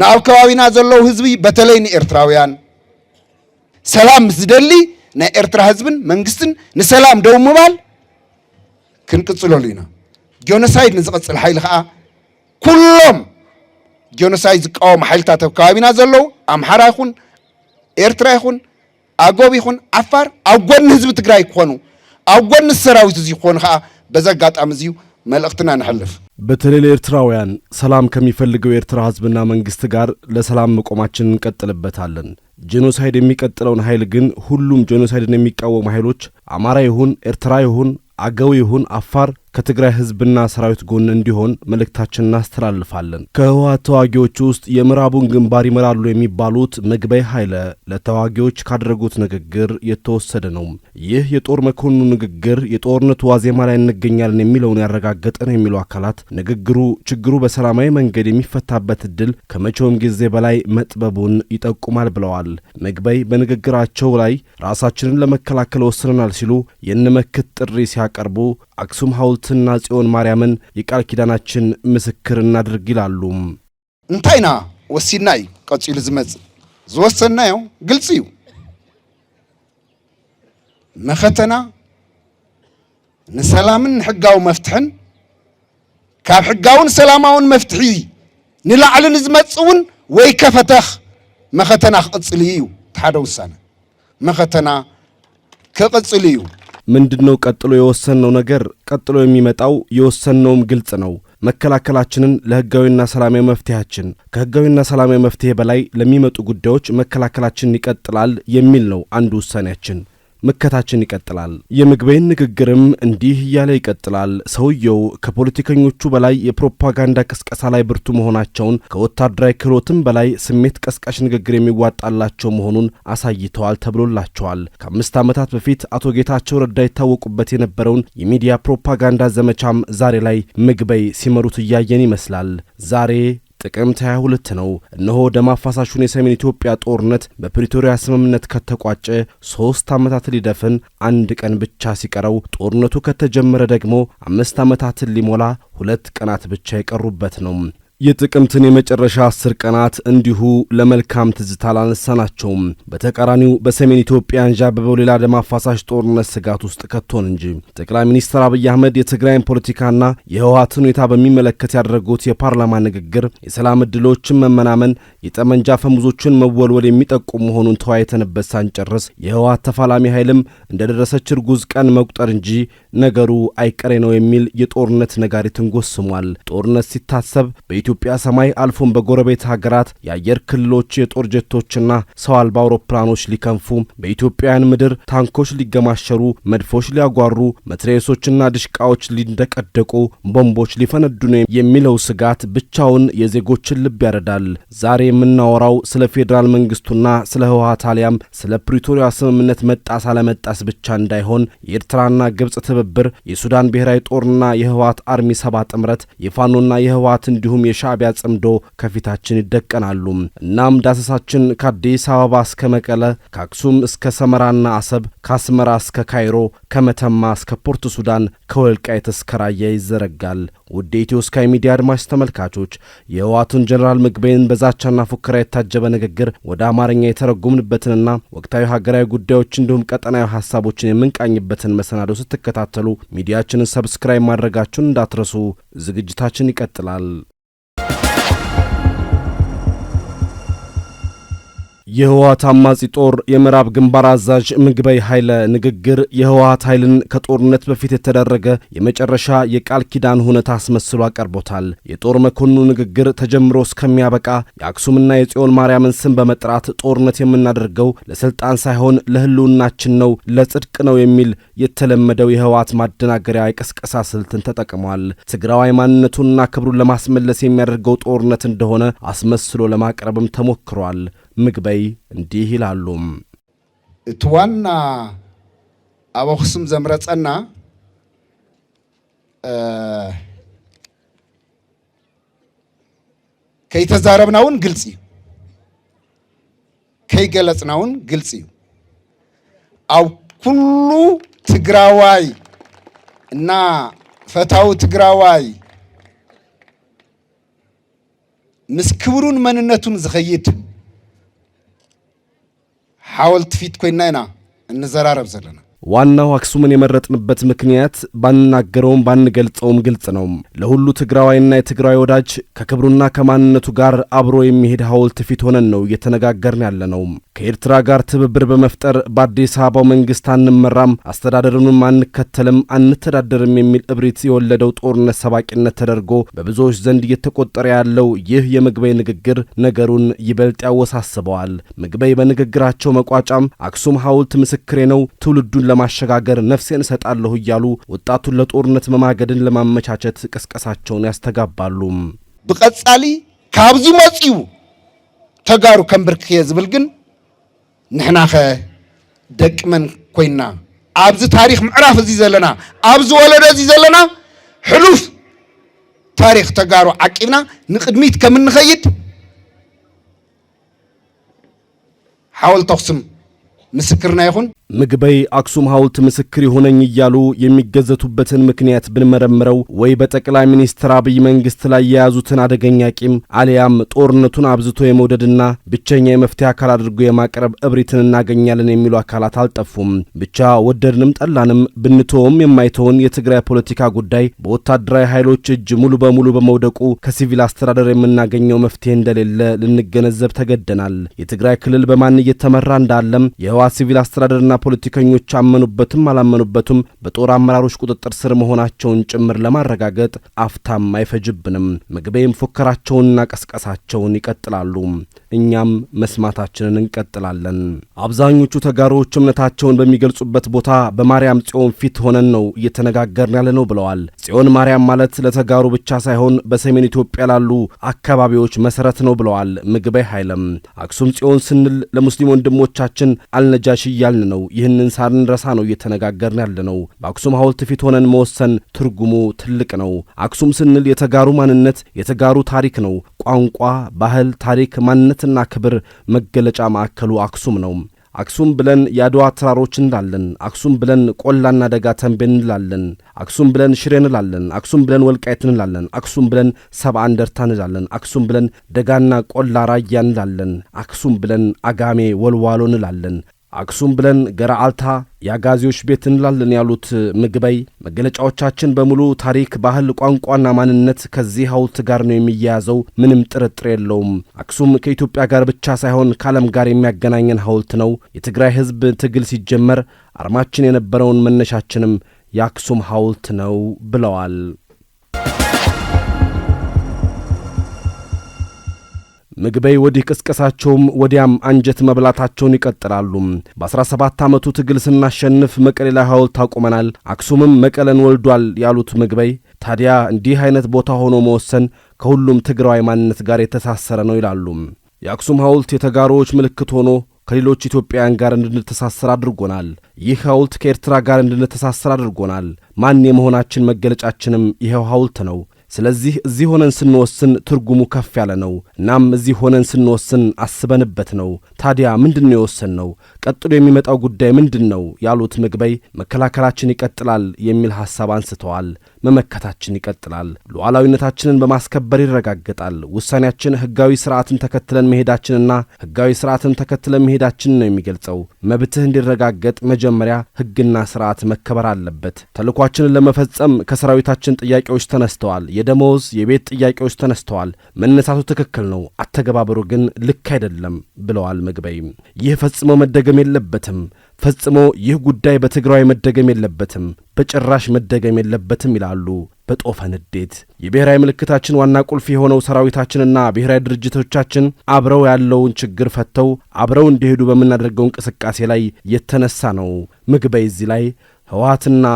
ናብ ከባቢና ዘለው ህዝቢ በተለይ ንኤርትራውያን ሰላም ዝደሊ ናይ ኤርትራ ህዝብን መንግስትን ንሰላም ደው ምባል ክንቅፅለሉ ኢና ጆኖሳይድ ንዝቐፅል ሓይሊ ከዓ ኩሎም ጆኖሳይድ ዝቃወሙ ሓይልታት ኣብ ከባቢና ዘለው ኣምሓራ ይኹን ኤርትራ ይኹን ኣጎብ ይኹን ዓፋር ኣብ ጎኒ ህዝቢ ትግራይ ክኾኑ ኣብ ጎኒ ሰራዊት እዚ ክኾኑ ከዓ በዚ ኣጋጣሚ እዚዩ መልእክትን ንሕልፍ በተለይ ለኤርትራውያን ሰላም ከሚፈልገው የኤርትራ ህዝብና መንግስት ጋር ለሰላም መቆማችን እንቀጥልበታለን። ጄኖሳይድ የሚቀጥለውን ኃይል ግን ሁሉም ጄኖሳይድን የሚቃወሙ ኃይሎች አማራ ይሁን ኤርትራ ይሁን አገው ይሁን አፋር ከትግራይ ህዝብና ሰራዊት ጎን እንዲሆን መልእክታችን እናስተላልፋለን። ከህወሓት ተዋጊዎች ውስጥ የምዕራቡን ግንባር ይመራሉ የሚባሉት ምግበይ ኃይለ ለተዋጊዎች ካደረጉት ንግግር የተወሰደ ነው። ይህ የጦር መኮንኑ ንግግር የጦርነቱ ዋዜማ ላይ እንገኛለን የሚለውን ያረጋገጠ ነው የሚሉ አካላት ንግግሩ ችግሩ በሰላማዊ መንገድ የሚፈታበት እድል ከመቼውም ጊዜ በላይ መጥበቡን ይጠቁማል ብለዋል። ምግበይ በንግግራቸው ላይ ራሳችንን ለመከላከል ወስነናል ሲሉ የንመክት ጥሪ ሲያቀርቡ አክሱም ሐውልት ትሑትና ጽዮን ማርያምን የቃል ኪዳናችን ምስክር እናድርግ ይላሉ። እንታይና ወሲናይ ቀጺሉ ዝመጽእ ዝወሰናዮ ግልጽ እዩ መኸተና ንሰላምን ንሕጋዊ መፍትሕን ካብ ሕጋውን ሰላማውን መፍትሒ ንላዕሊ ንዝመፅ እውን ወይ ከፈተኽ መኸተና ክቕፅል እዩ ተሓደ ውሳነ መኸተና ክቕፅል እዩ ምንድን ነው ቀጥሎ የወሰንነው ነገር? ቀጥሎ የሚመጣው የወሰንነውም ግልጽ ነው። መከላከላችንን ለህጋዊና ሰላማዊ መፍትሄያችን ከህጋዊና ሰላማዊ መፍትሄ በላይ ለሚመጡ ጉዳዮች መከላከላችንን ይቀጥላል የሚል ነው አንዱ ውሳኔያችን። መከታችን ይቀጥላል። የምግበይን ንግግርም እንዲህ እያለ ይቀጥላል። ሰውየው ከፖለቲከኞቹ በላይ የፕሮፓጋንዳ ቅስቀሳ ላይ ብርቱ መሆናቸውን ከወታደራዊ ክህሎትም በላይ ስሜት ቀስቃሽ ንግግር የሚዋጣላቸው መሆኑን አሳይተዋል ተብሎላቸዋል። ከአምስት ዓመታት በፊት አቶ ጌታቸው ረዳ ይታወቁበት የነበረውን የሚዲያ ፕሮፓጋንዳ ዘመቻም ዛሬ ላይ ምግበይ ሲመሩት እያየን ይመስላል። ዛሬ ጥቅምት 22 ነው። እነሆ ደም አፋሳሹን የሰሜን ኢትዮጵያ ጦርነት በፕሪቶሪያ ስምምነት ከተቋጨ ሶስት ዓመታት ሊደፍን አንድ ቀን ብቻ ሲቀረው ጦርነቱ ከተጀመረ ደግሞ አምስት ዓመታትን ሊሞላ ሁለት ቀናት ብቻ የቀሩበት ነው። የጥቅምትን የመጨረሻ አስር ቀናት እንዲሁ ለመልካም ትዝታ አላነሳናቸውም። በተቃራኒው በሰሜን ኢትዮጵያ አንዣበበው ሌላ ደም አፋሳሽ ጦርነት ስጋት ውስጥ ከቶን እንጂ ጠቅላይ ሚኒስትር አብይ አህመድ የትግራይን ፖለቲካና የህወሓትን ሁኔታ በሚመለከት ያደረጉት የፓርላማ ንግግር የሰላም እድሎችን መመናመን፣ የጠመንጃ ፈሙዞችን መወልወል የሚጠቁም መሆኑን ተወያይተንበት ሳንጨርስ የህወሓት ተፋላሚ ኃይልም እንደደረሰች እርጉዝ ቀን መቁጠር እንጂ ነገሩ አይቀሬ ነው የሚል የጦርነት ነጋሪትን ጎስሟል። ጦርነት ሲታሰብ በኢትዮ በኢትዮጵያ ሰማይ አልፎም በጎረቤት ሀገራት የአየር ክልሎች የጦር ጀቶችና ሰው አልባ አውሮፕላኖች ሊከንፉ፣ በኢትዮጵያውያን ምድር ታንኮች ሊገማሸሩ፣ መድፎች ሊያጓሩ፣ መትረየሶችና ድሽቃዎች ሊንደቀደቁ፣ ቦምቦች ሊፈነዱ ነው የሚለው ስጋት ብቻውን የዜጎችን ልብ ያረዳል። ዛሬ የምናወራው ስለ ፌዴራል መንግስቱና ስለ ህወሀት አሊያም ስለ ፕሪቶሪያ ስምምነት መጣስ አለመጣስ ብቻ እንዳይሆን የኤርትራና ግብጽ ትብብር፣ የሱዳን ብሔራዊ ጦርና የህወሀት አርሚ ሰባ ጥምረት፣ የፋኖና የህወሀት እንዲሁም የ የሻዕቢያ ጽምዶ ከፊታችን ይደቀናሉ። እናም ዳሰሳችን ከአዲስ አበባ እስከ መቀለ፣ ከአክሱም እስከ ሰመራና አሰብ፣ ከአስመራ እስከ ካይሮ፣ ከመተማ እስከ ፖርት ሱዳን፣ ከወልቃይት እስከ ራያ ይዘረጋል። ውድ ኢትዮ ስካይ ሚዲያ አድማጭ ተመልካቾች የህወሓቱን ጀኔራል ምግበይን በዛቻና ፉከራ የታጀበ ንግግር ወደ አማርኛ የተረጎምንበትንና ወቅታዊ ሀገራዊ ጉዳዮች እንዲሁም ቀጠናዊ ሀሳቦችን የምንቃኝበትን መሰናዶ ስትከታተሉ ሚዲያችንን ሰብስክራይብ ማድረጋችሁን እንዳትረሱ። ዝግጅታችን ይቀጥላል። የህወሀት አማጺ ጦር የምዕራብ ግንባር አዛዥ ምግበይ ኃይለ ንግግር የህወሀት ኃይልን ከጦርነት በፊት የተደረገ የመጨረሻ የቃል ኪዳን ሁነት አስመስሎ አቀርቦታል። የጦር መኮንኑ ንግግር ተጀምሮ እስከሚያበቃ የአክሱምና የጽዮን ማርያምን ስም በመጥራት ጦርነት የምናደርገው ለስልጣን ሳይሆን ለህልውናችን ነው፣ ለጽድቅ ነው የሚል የተለመደው የህወሀት ማደናገሪያ የቀስቀሳ ስልትን ተጠቅሟል። ትግራዋይ ማንነቱንና ክብሩን ለማስመለስ የሚያደርገው ጦርነት እንደሆነ አስመስሎ ለማቅረብም ተሞክሯል። ምግበይ እንዲህ ይላሉ። እቲ ዋና ኣብ ኣክሱም ዘምረፀና ከይተዛረብና እውን ግልፂ እዩ ከይገለፅና እውን ግልፂ እዩ ኣብ ኩሉ ትግራዋይ እና ፈታዊ ትግራዋይ ምስ ክብሩን መንነቱን ዝኸይድ ሐውልት ፊት ኮይናይና እንዘራረብ ዘለና ዋናው አክሱምን የመረጥንበት ምክንያት ባንናገረውም ባንገልጸውም ግልጽ ነው። ለሁሉ ትግራዋይና የትግራዊ ወዳጅ ከክብሩና ከማንነቱ ጋር አብሮ የሚሄድ ሐውልት ፊት ሆነን ነው እየተነጋገርን ያለ ነው። ከኤርትራ ጋር ትብብር በመፍጠር በአዲስ አበባው መንግስት አንመራም፣ አስተዳደሩንም አንከተልም፣ አንተዳደርም የሚል እብሪት የወለደው ጦርነት ሰባቂነት ተደርጎ በብዙዎች ዘንድ እየተቆጠረ ያለው ይህ የምግበይ ንግግር ነገሩን ይበልጥ ያወሳስበዋል። ምግበይ በንግግራቸው መቋጫም አክሱም ሐውልት ምስክሬ ነው፣ ትውልዱን ለማሸጋገር ነፍሴን እሰጣለሁ እያሉ ወጣቱን ለጦርነት መማገድን ለማመቻቸት ቅስቀሳቸውን ያስተጋባሉ። ብቀጻሊ ካብዚ መጺው ተጋሩ ከንብርክየ ዝብል ግን ንሕና ኸ ደቂ መን ኣብዚ ታሪክ ምዕራፍ እዚ ዘለና ኣብዚ ወለዶ እዚ ዘለና ሕሉፍ ታሪክ ተጋሩ ዓቂብና ንቅድሚት ከም እንኸይድ ሓወልቲ ኣክሱም ምስክርና ይኹን ምግበይ አክሱም ሐውልት ምስክር የሆነኝ እያሉ የሚገዘቱበትን ምክንያት ብንመረምረው ወይ በጠቅላይ ሚኒስትር አብይ መንግስት ላይ የያዙትን አደገኛ ቂም አሊያም ጦርነቱን አብዝቶ የመውደድና ብቸኛ የመፍትሄ አካል አድርጎ የማቅረብ እብሪትን እናገኛለን የሚሉ አካላት አልጠፉም። ብቻ ወደድንም ጠላንም ብንተውም የማይተውን የትግራይ ፖለቲካ ጉዳይ በወታደራዊ ኃይሎች እጅ ሙሉ በሙሉ በመውደቁ ከሲቪል አስተዳደር የምናገኘው መፍትሄ እንደሌለ ልንገነዘብ ተገደናል። የትግራይ ክልል በማን እየተመራ እንዳለም የህዋ ሲቪል አስተዳደርና ፖለቲከኞች አመኑበትም አላመኑበትም በጦር አመራሮች ቁጥጥር ስር መሆናቸውን ጭምር ለማረጋገጥ አፍታም አይፈጅብንም። ምግቤም ፉከራቸውንና ቀስቀሳቸውን ይቀጥላሉ። እኛም መስማታችንን እንቀጥላለን። አብዛኞቹ ተጋሮዎች እምነታቸውን በሚገልጹበት ቦታ በማርያም ጽዮን ፊት ሆነን ነው እየተነጋገርን ያለ ነው ብለዋል። ጽዮን ማርያም ማለት ለተጋሩ ብቻ ሳይሆን በሰሜን ኢትዮጵያ ላሉ አካባቢዎች መሰረት ነው ብለዋል ምግበይ ኃይለም። አክሱም ጽዮን ስንል ለሙስሊም ወንድሞቻችን አልነጃሽ እያልን ነው ይህንን ሳንረሳ ነው እየተነጋገርን ያለ ነው። በአክሱም ሐውልት ፊት ሆነን መወሰን ትርጉሙ ትልቅ ነው። አክሱም ስንል የተጋሩ ማንነት፣ የተጋሩ ታሪክ ነው። ቋንቋ፣ ባህል፣ ታሪክ፣ ማንነትና ክብር መገለጫ ማዕከሉ አክሱም ነው። አክሱም ብለን የአድዋ ተራሮች እንላለን። አክሱም ብለን ቆላና ደጋ ተንቤን እንላለን። አክሱም ብለን ሽሬ እንላለን። አክሱም ብለን ወልቃይት እንላለን። አክሱም ብለን ሰብአ እንደርታ እንላለን። አክሱም ብለን ደጋና ቆላ ራያ እንላለን። አክሱም ብለን አጋሜ ወልዋሎ እንላለን። አክሱም ብለን ገራአልታ የአጋዜዎች ቤት እንላለን ያሉት ምግበይ መገለጫዎቻችን በሙሉ ታሪክ፣ ባህል፣ ቋንቋና ማንነት ከዚህ ሐውልት ጋር ነው የሚያያዘው፣ ምንም ጥርጥር የለውም። አክሱም ከኢትዮጵያ ጋር ብቻ ሳይሆን ከዓለም ጋር የሚያገናኘን ሐውልት ነው። የትግራይ ሕዝብ ትግል ሲጀመር አርማችን የነበረውን መነሻችንም የአክሱም ሐውልት ነው ብለዋል። ምግበይ ወዲህ ቅስቀሳቸውም ወዲያም አንጀት መብላታቸውን ይቀጥላሉ። በ17 ዓመቱ ትግል ስናሸንፍ መቀሌ ላይ ሐውልት አቁመናል፣ አክሱምም መቀለን ወልዷል ያሉት ምግበይ ታዲያ እንዲህ አይነት ቦታ ሆኖ መወሰን ከሁሉም ትግራዊ ማንነት ጋር የተሳሰረ ነው ይላሉ። የአክሱም ሐውልት የተጋሮዎች ምልክት ሆኖ ከሌሎች ኢትዮጵያውያን ጋር እንድንተሳሰር አድርጎናል። ይህ ሐውልት ከኤርትራ ጋር እንድንተሳሰር አድርጎናል። ማን የመሆናችን መገለጫችንም ይኸው ሐውልት ነው። ስለዚህ እዚህ ሆነን ስንወስን ትርጉሙ ከፍ ያለ ነው። እናም እዚህ ሆነን ስንወስን አስበንበት ነው። ታዲያ ምንድን ነው የወሰን ነው? ቀጥሎ የሚመጣው ጉዳይ ምንድን ነው ያሉት ምግበይ መከላከላችን ይቀጥላል የሚል ሐሳብ አንስተዋል። መመከታችን ይቀጥላል፣ ሉዓላዊነታችንን በማስከበር ይረጋገጣል። ውሳኔያችን ሕጋዊ ስርዓትን ተከትለን መሄዳችንና ሕጋዊ ስርዓትን ተከትለን መሄዳችን ነው የሚገልጸው። መብትህ እንዲረጋገጥ መጀመሪያ ሕግና ስርዓት መከበር አለበት። ተልኳችንን ለመፈጸም ከሰራዊታችን ጥያቄዎች ተነስተዋል። የደመወዝ የቤት ጥያቄዎች ተነስተዋል። መነሳቱ ትክክል ነው፣ አተገባበሩ ግን ልክ አይደለም ብለዋል ምግበይ ይህ ፈጽሞ መደገ መደገም የለበትም ፈጽሞ ይህ ጉዳይ በትግራይ መደገም የለበትም፣ በጭራሽ መደገም የለበትም ይላሉ በጦፈ ንዴት። የብሔራዊ ምልክታችን ዋና ቁልፍ የሆነው ሰራዊታችንና ብሔራዊ ድርጅቶቻችን አብረው ያለውን ችግር ፈተው አብረው እንዲሄዱ በምናደርገው እንቅስቃሴ ላይ የተነሳ ነው። ምግበይ እዚህ ላይ ህወሓትና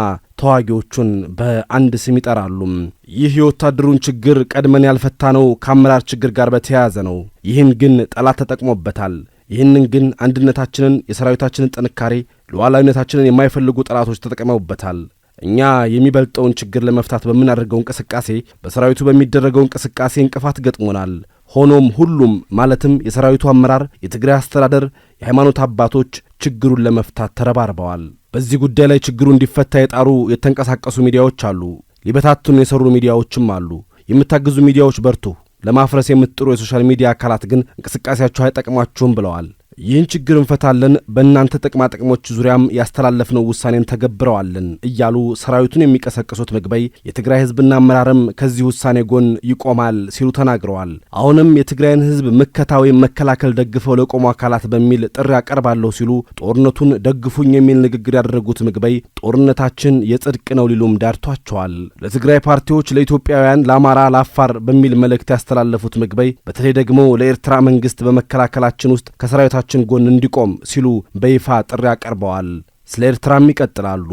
ተዋጊዎቹን በአንድ ስም ይጠራሉም። ይህ የወታደሩን ችግር ቀድመን ያልፈታ ነው ከአመራር ችግር ጋር በተያያዘ ነው። ይህን ግን ጠላት ተጠቅሞበታል። ይህንን ግን አንድነታችንን፣ የሰራዊታችንን ጥንካሬ፣ ሉዓላዊነታችንን የማይፈልጉ ጠላቶች ተጠቅመውበታል። እኛ የሚበልጠውን ችግር ለመፍታት በምናደርገው እንቅስቃሴ፣ በሰራዊቱ በሚደረገው እንቅስቃሴ እንቅፋት ገጥሞናል። ሆኖም ሁሉም ማለትም የሰራዊቱ አመራር፣ የትግራይ አስተዳደር፣ የሃይማኖት አባቶች ችግሩን ለመፍታት ተረባርበዋል። በዚህ ጉዳይ ላይ ችግሩ እንዲፈታ የጣሩ የተንቀሳቀሱ ሚዲያዎች አሉ። ሊበታቱን የሰሩ ሚዲያዎችም አሉ። የምታግዙ ሚዲያዎች በርቱ። ለማፍረስ የምትጥሩ የሶሻል ሚዲያ አካላት ግን እንቅስቃሴያችሁ አይጠቅማችሁም ብለዋል። ይህን ችግር እንፈታለን፣ በእናንተ ጥቅማ ጥቅሞች ዙሪያም ያስተላለፍነው ውሳኔን ተገብረዋለን እያሉ ሰራዊቱን የሚቀሰቅሱት ምግበይ የትግራይ ህዝብና አመራርም ከዚህ ውሳኔ ጎን ይቆማል ሲሉ ተናግረዋል። አሁንም የትግራይን ህዝብ ምከታ ወይም መከላከል ደግፈው ለቆሙ አካላት በሚል ጥሪ አቀርባለሁ ሲሉ ጦርነቱን ደግፉኝ የሚል ንግግር ያደረጉት ምግበይ ጦርነታችን የጽድቅ ነው ሊሉም ዳርቷቸዋል። ለትግራይ ፓርቲዎች፣ ለኢትዮጵያውያን፣ ለአማራ፣ ለአፋር በሚል መልእክት ያስተላለፉት ምግበይ በተለይ ደግሞ ለኤርትራ መንግስት በመከላከላችን ውስጥ ከሰራዊታ ከህዝባችን ጎን እንዲቆም ሲሉ በይፋ ጥሪ አቀርበዋል። ስለ ኤርትራም ይቀጥላሉ።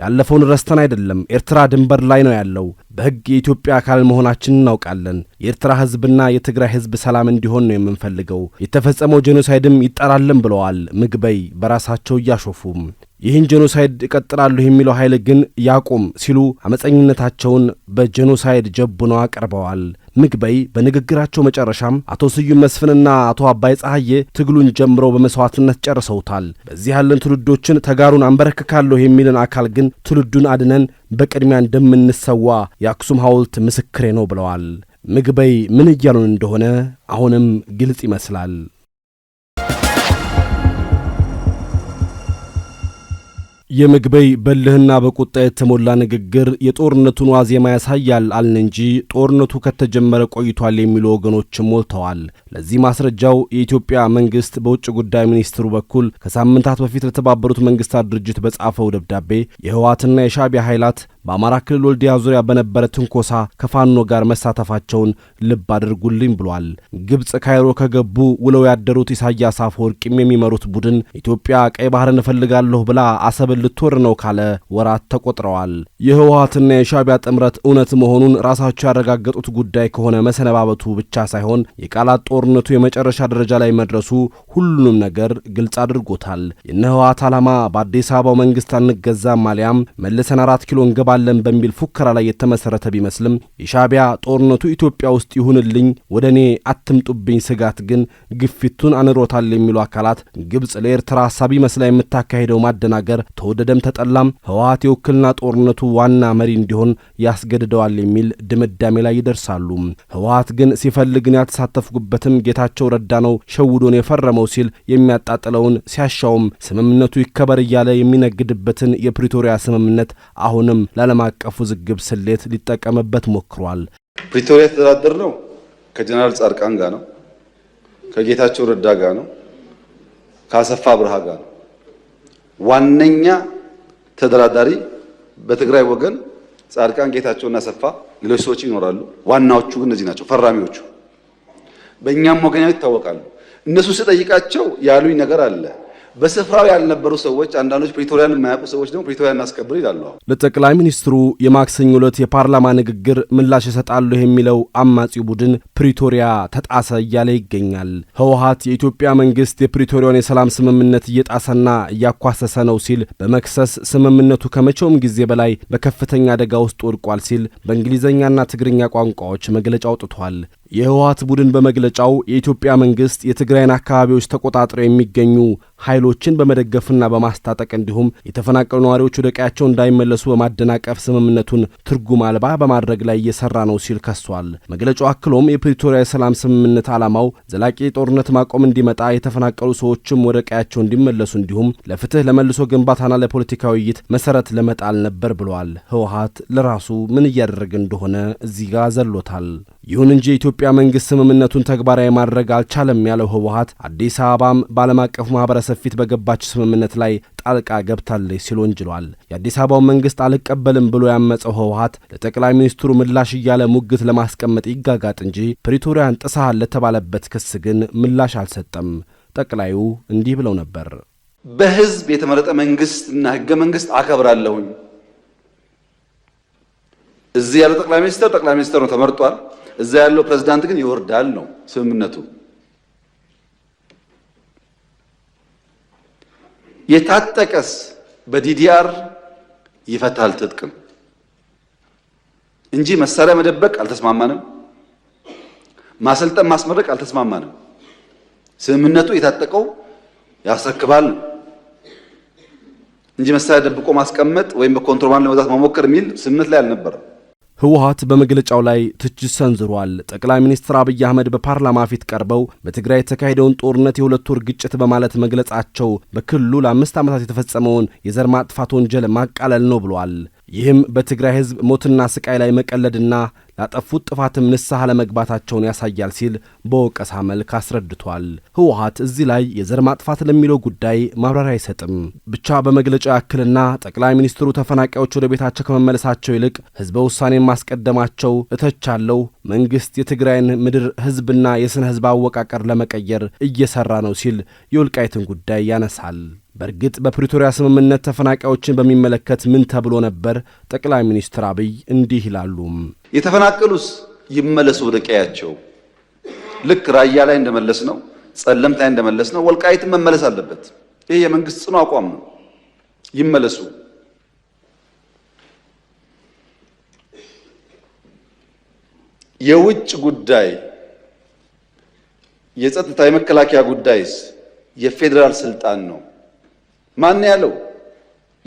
ያለፈውን ረስተን አይደለም። ኤርትራ ድንበር ላይ ነው ያለው። በሕግ የኢትዮጵያ አካል መሆናችን እናውቃለን። የኤርትራ ሕዝብና የትግራይ ሕዝብ ሰላም እንዲሆን ነው የምንፈልገው። የተፈጸመው ጄኖሳይድም ይጠራልን ብለዋል ምግበይ በራሳቸው እያሾፉ። ይህን ጄኖሳይድ እቀጥላለሁ የሚለው ኃይል ግን ያቁም ሲሉ አመፀኝነታቸውን በጄኖሳይድ ጀቡነው አቅርበዋል። ምግበይ በንግግራቸው መጨረሻም አቶ ስዩም መስፍንና አቶ አባይ ጸሐዬ ትግሉን ጀምረው በመስዋዕትነት ጨርሰውታል። በዚህ ያለን ትውልዶችን ተጋሩን አንበረክካለሁ የሚልን አካል ግን ትውልዱን አድነን በቅድሚያ እንደምንሰዋ የአክሱም ሐውልት ምስክሬ ነው ብለዋል። ምግበይ ምን እያሉን እንደሆነ አሁንም ግልጽ ይመስላል። የምግበይ በልህና በቁጣ የተሞላ ንግግር የጦርነቱን ዋዜማ ያሳያል አልን እንጂ ጦርነቱ ከተጀመረ ቆይቷል የሚሉ ወገኖችም ሞልተዋል። ለዚህ ማስረጃው የኢትዮጵያ መንግስት በውጭ ጉዳይ ሚኒስትሩ በኩል ከሳምንታት በፊት ለተባበሩት መንግስታት ድርጅት በጻፈው ደብዳቤ የህወሓትና የሻዕቢያ ኃይላት በአማራ ክልል ወልዲያ ዙሪያ በነበረ ትንኮሳ ከፋኖ ጋር መሳተፋቸውን ልብ አድርጉልኝ ብሏል። ግብፅ ካይሮ ከገቡ ውለው ያደሩት ኢሳያስ አፈወርቂም የሚመሩት ቡድን ኢትዮጵያ ቀይ ባህርን እፈልጋለሁ ብላ አሰብን ልትወር ነው ካለ ወራት ተቆጥረዋል። የህወሀትና የሻቢያ ጥምረት እውነት መሆኑን ራሳቸው ያረጋገጡት ጉዳይ ከሆነ መሰነባበቱ ብቻ ሳይሆን የቃላት ጦርነቱ የመጨረሻ ደረጃ ላይ መድረሱ ሁሉንም ነገር ግልጽ አድርጎታል። የነ ህወሀት ዓላማ በአዲስ አበባው መንግስት አንገዛም አሊያም መልሰን አራት ኪሎ እንገባ እንገነባለን በሚል ፉከራ ላይ የተመሰረተ ቢመስልም የሻቢያ ጦርነቱ ኢትዮጵያ ውስጥ ይሁንልኝ፣ ወደ እኔ አትምጡብኝ ስጋት ግን ግፊቱን አንሮታል የሚሉ አካላት ግብፅ ለኤርትራ ሀሳቢ መስላ የምታካሄደው ማደናገር ተወደደም ተጠላም ህወሀት የውክልና ጦርነቱ ዋና መሪ እንዲሆን ያስገድደዋል የሚል ድምዳሜ ላይ ይደርሳሉ። ህወሀት ግን ሲፈልግን ያልተሳተፍኩበትም ጌታቸው ረዳ ነው ሸውዶን የፈረመው ሲል የሚያጣጥለውን ሲያሻውም ስምምነቱ ይከበር እያለ የሚነግድበትን የፕሪቶሪያ ስምምነት አሁንም ለዓለም አቀፍ ውዝግብ ስሌት ሊጠቀምበት ሞክሯል። ፕሪቶሪያ የተደራደር ነው ከጀነራል ጻድቃን ጋር ነው፣ ከጌታቸው ረዳ ጋር ነው፣ ከአሰፋ ብርሃ ጋር ነው። ዋነኛ ተደራዳሪ በትግራይ ወገን ጻድቃን፣ ጌታቸውና አሰፋ፣ ሌሎች ሰዎች ይኖራሉ። ዋናዎቹ ግን እነዚህ ናቸው፣ ፈራሚዎቹ በእኛም ወገን ይታወቃሉ። እነሱ ስጠይቃቸው ያሉኝ ነገር አለ በስፍራው ያልነበሩ ሰዎች አንዳንዶች ፕሪቶሪያን የማያውቁ ሰዎች ደግሞ ፕሪቶሪያ እናስከብር ይላሉ። ለጠቅላይ ሚኒስትሩ የማክሰኞ ዕለት የፓርላማ ንግግር ምላሽ ይሰጣሉ የሚለው አማጺው ቡድን ፕሪቶሪያ ተጣሰ እያለ ይገኛል። ህወሀት የኢትዮጵያ መንግስት የፕሪቶሪያን የሰላም ስምምነት እየጣሰና እያኳሰሰ ነው ሲል በመክሰስ ስምምነቱ ከመቼውም ጊዜ በላይ በከፍተኛ አደጋ ውስጥ ወድቋል ሲል በእንግሊዝኛና ትግርኛ ቋንቋዎች መግለጫ አውጥቷል። የህወሓት ቡድን በመግለጫው የኢትዮጵያ መንግስት የትግራይን አካባቢዎች ተቆጣጥረው የሚገኙ ኃይሎችን በመደገፍና በማስታጠቅ እንዲሁም የተፈናቀሉ ነዋሪዎች ወደ ቀያቸው እንዳይመለሱ በማደናቀፍ ስምምነቱን ትርጉም አልባ በማድረግ ላይ እየሰራ ነው ሲል ከሷል። መግለጫው አክሎም የፕሪቶሪያ የሰላም ስምምነት ዓላማው ዘላቂ ጦርነት ማቆም እንዲመጣ፣ የተፈናቀሉ ሰዎችም ወደ ቀያቸው እንዲመለሱ እንዲሁም ለፍትህ፣ ለመልሶ ግንባታና ለፖለቲካ ውይይት መሰረት ለመጣል ነበር ብለዋል። ህወሀት ለራሱ ምን እያደረገ እንደሆነ እዚህ ጋር ዘሎታል። ይሁን እንጂ የኢትዮጵያ መንግስት ስምምነቱን ተግባራዊ ማድረግ አልቻለም ያለው ህወሀት አዲስ አበባም በዓለም አቀፉ ማህበረሰብ ፊት በገባችው ስምምነት ላይ ጣልቃ ገብታለች ሲል ወንጅሏል። የአዲስ አበባው መንግስት አልቀበልም ብሎ ያመፀው ህወሀት ለጠቅላይ ሚኒስትሩ ምላሽ እያለ ሙግት ለማስቀመጥ ይጋጋጥ እንጂ ፕሪቶሪያን ጥሰሃል ለተባለበት ክስ ግን ምላሽ አልሰጠም። ጠቅላዩ እንዲህ ብለው ነበር። በህዝብ የተመረጠ መንግስት እና ህገ መንግስት አከብራለሁኝ። እዚህ ያለው ጠቅላይ ሚኒስተር ጠቅላይ ሚኒስተር ነው ተመርጧል። እዛ ያለው ፕሬዝዳንት ግን ይወርዳል ነው ስምምነቱ። የታጠቀስ በዲዲአር ይፈታል ትጥቅም እንጂ መሳሪያ መደበቅ አልተስማማንም። ማሰልጠን ማስመረቅ አልተስማማንም። ስምምነቱ የታጠቀው ያስረክባል እንጂ መሳሪያ ደብቆ ማስቀመጥ ወይም በኮንትሮባንድ ለመግዛት መሞከር የሚል ስምምነት ላይ አልነበረም። ህወሀት በመግለጫው ላይ ትችት ሰንዝሯል። ጠቅላይ ሚኒስትር አብይ አህመድ በፓርላማ ፊት ቀርበው በትግራይ የተካሄደውን ጦርነት የሁለት ወር ግጭት በማለት መግለጻቸው በክልሉ ለአምስት ዓመታት የተፈጸመውን የዘር ማጥፋት ወንጀል ማቃለል ነው ብሏል። ይህም በትግራይ ህዝብ ሞትና ስቃይ ላይ መቀለድና ላጠፉት ጥፋትም ንስሐ ለመግባታቸውን ያሳያል ሲል በወቀሳ መልክ አስረድቷል። ህወሀት እዚህ ላይ የዘር ማጥፋት ለሚለው ጉዳይ ማብራሪያ አይሰጥም። ብቻ በመግለጫው ያክልና ጠቅላይ ሚኒስትሩ ተፈናቃዮች ወደ ቤታቸው ከመመለሳቸው ይልቅ ህዝበ ውሳኔን ማስቀደማቸው እተቻለው፣ መንግስት የትግራይን ምድር ህዝብና የሥነ ህዝብ አወቃቀር ለመቀየር እየሰራ ነው ሲል የወልቃይትን ጉዳይ ያነሳል። በእርግጥ በፕሪቶሪያ ስምምነት ተፈናቃዮችን በሚመለከት ምን ተብሎ ነበር? ጠቅላይ ሚኒስትር አብይ እንዲህ ይላሉ። የተፈናቀሉስ ይመለሱ ወደ ቀያቸው። ልክ ራያ ላይ እንደመለስ ነው፣ ጸለምት ላይ እንደመለስ ነው፣ ወልቃይትም መመለስ አለበት። ይሄ የመንግስት ጽኑ አቋም ነው። ይመለሱ። የውጭ ጉዳይ የጸጥታ የመከላከያ ጉዳይስ የፌዴራል ስልጣን ነው። ማን ያለው?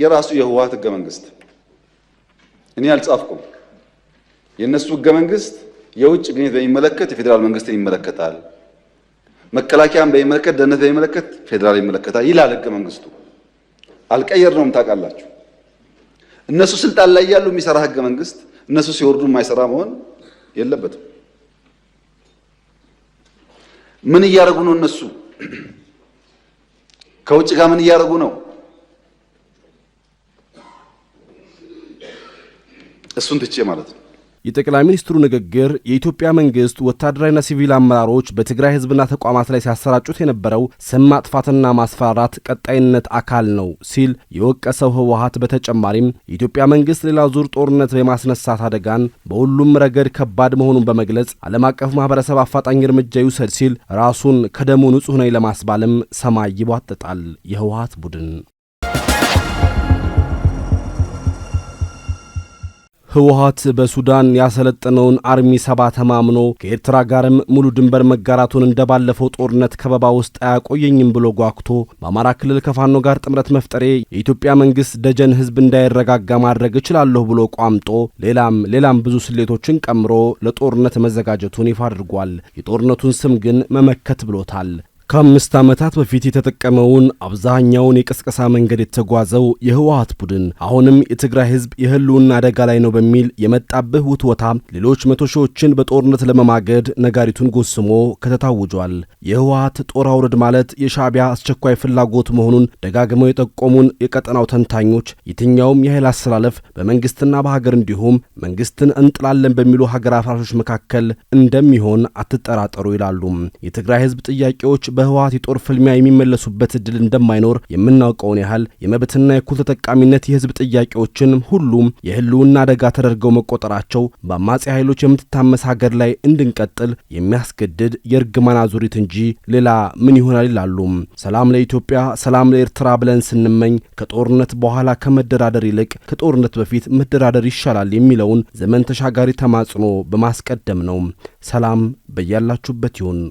የራሱ የህወሓት ህገ መንግስት። እኔ አልጻፍኩም። የእነሱ ህገ መንግስት የውጭ ግኝት በሚመለከት የፌዴራል መንግስትን ይመለከታል፣ መከላከያን በሚመለከት ደህንነት በሚመለከት ፌዴራል ይመለከታል ይላል ህገ መንግስቱ። አልቀየር ነውም ታውቃላችሁ። እነሱ ስልጣን ላይ ያሉ የሚሰራ ህገ መንግስት እነሱ ሲወርዱ የማይሰራ መሆን የለበትም። ምን እያደረጉ ነው? እነሱ ከውጭ ጋር ምን እያደረጉ ነው? እሱን ትቼ ማለት ነው። የጠቅላይ ሚኒስትሩ ንግግር የኢትዮጵያ መንግስት ወታደራዊና ሲቪል አመራሮች በትግራይ ህዝብና ተቋማት ላይ ሲያሰራጩት የነበረው ስም ማጥፋትና ማስፈራራት ቀጣይነት አካል ነው ሲል የወቀሰው ህወሀት በተጨማሪም የኢትዮጵያ መንግስት ሌላ ዙር ጦርነት የማስነሳት አደጋን በሁሉም ረገድ ከባድ መሆኑን በመግለጽ ዓለም አቀፍ ማህበረሰብ አፋጣኝ እርምጃ ይውሰድ ሲል ራሱን ከደሙ ንጹህ ነኝ ለማስባልም ሰማይ ይቧጥጣል የህወሀት ቡድን። ህወሀት በሱዳን ያሰለጠነውን አርሚ ሰባ ተማምኖ ከኤርትራ ጋርም ሙሉ ድንበር መጋራቱን እንደባለፈው ጦርነት ከበባ ውስጥ አያቆየኝም ብሎ ጓግቶ በአማራ ክልል ከፋኖ ጋር ጥምረት መፍጠሬ የኢትዮጵያ መንግስት ደጀን ህዝብ እንዳይረጋጋ ማድረግ እችላለሁ ብሎ ቋምጦ ሌላም ሌላም ብዙ ስሌቶችን ቀምሮ ለጦርነት መዘጋጀቱን ይፋ አድርጓል። የጦርነቱን ስም ግን መመከት ብሎታል። ከአምስት ዓመታት በፊት የተጠቀመውን አብዛኛውን የቀስቀሳ መንገድ የተጓዘው የህወሀት ቡድን አሁንም የትግራይ ህዝብ የህልውና አደጋ ላይ ነው በሚል የመጣብህ ውትወታ ሌሎች መቶ ሺዎችን በጦርነት ለመማገድ ነጋሪቱን ጎስሞ ከተታውጇል። የህወሀት ጦር አውረድ ማለት የሻዕቢያ አስቸኳይ ፍላጎት መሆኑን ደጋግመው የጠቆሙን የቀጠናው ተንታኞች የትኛውም የኃይል አሰላለፍ በመንግስትና በሀገር እንዲሁም መንግስትን እንጥላለን በሚሉ ሀገር አፍራሾች መካከል እንደሚሆን አትጠራጠሩ ይላሉ። የትግራይ ህዝብ ጥያቄዎች በህወሀት የጦር ፍልሚያ የሚመለሱበት እድል እንደማይኖር የምናውቀውን ያህል የመብትና የእኩል ተጠቃሚነት የህዝብ ጥያቄዎችን ሁሉም የህልውና አደጋ ተደርገው መቆጠራቸው በአማጺ ኃይሎች የምትታመስ ሀገር ላይ እንድንቀጥል የሚያስገድድ የእርግማን አዙሪት እንጂ ሌላ ምን ይሆናል ይላሉ። ሰላም ለኢትዮጵያ፣ ሰላም ለኤርትራ ብለን ስንመኝ ከጦርነት በኋላ ከመደራደር ይልቅ ከጦርነት በፊት መደራደር ይሻላል የሚለውን ዘመን ተሻጋሪ ተማጽኖ በማስቀደም ነው። ሰላም በያላችሁበት ይሁን።